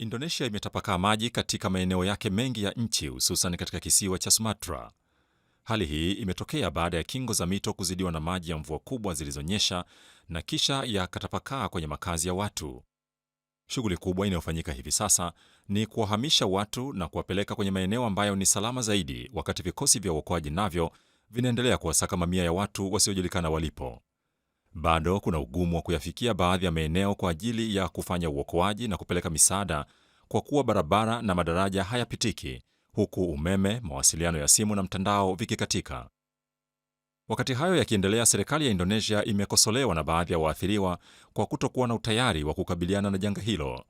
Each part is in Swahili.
Indonesia imetapakaa maji katika maeneo yake mengi ya nchi hususan katika kisiwa cha Sumatra. Hali hii imetokea baada ya kingo za mito kuzidiwa na maji ya mvua kubwa zilizonyesha na kisha yakatapakaa kwenye makazi ya watu. Shughuli kubwa inayofanyika hivi sasa ni kuwahamisha watu na kuwapeleka kwenye maeneo ambayo ni salama zaidi, wakati vikosi vya uokoaji navyo vinaendelea kuwasaka mamia ya watu wasiojulikana walipo bado kuna ugumu wa kuyafikia baadhi ya maeneo kwa ajili ya kufanya uokoaji na kupeleka misaada kwa kuwa barabara na madaraja hayapitiki, huku umeme, mawasiliano ya simu na mtandao vikikatika. Wakati hayo yakiendelea, serikali ya Indonesia imekosolewa na baadhi ya waathiriwa kwa kutokuwa na utayari wa kukabiliana na janga hilo.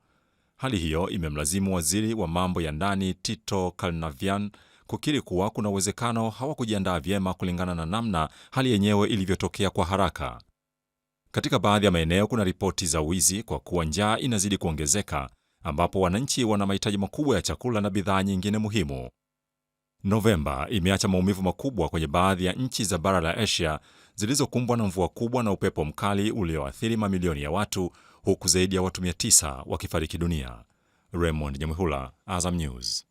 Hali hiyo imemlazimu waziri wa mambo ya ndani Tito Karnavian kukiri kuwa kuna uwezekano hawakujiandaa vyema kulingana na namna hali yenyewe ilivyotokea kwa haraka. Katika baadhi ya maeneo kuna ripoti za wizi kwa kuwa njaa inazidi kuongezeka, ambapo wananchi wana mahitaji makubwa ya chakula na bidhaa nyingine muhimu. Novemba imeacha maumivu makubwa kwenye baadhi ya nchi za bara la Asia zilizokumbwa na mvua kubwa na upepo mkali ulioathiri mamilioni ya watu, huku zaidi ya watu 900 wakifariki dunia. Raymond Nyamwihula, Azam News.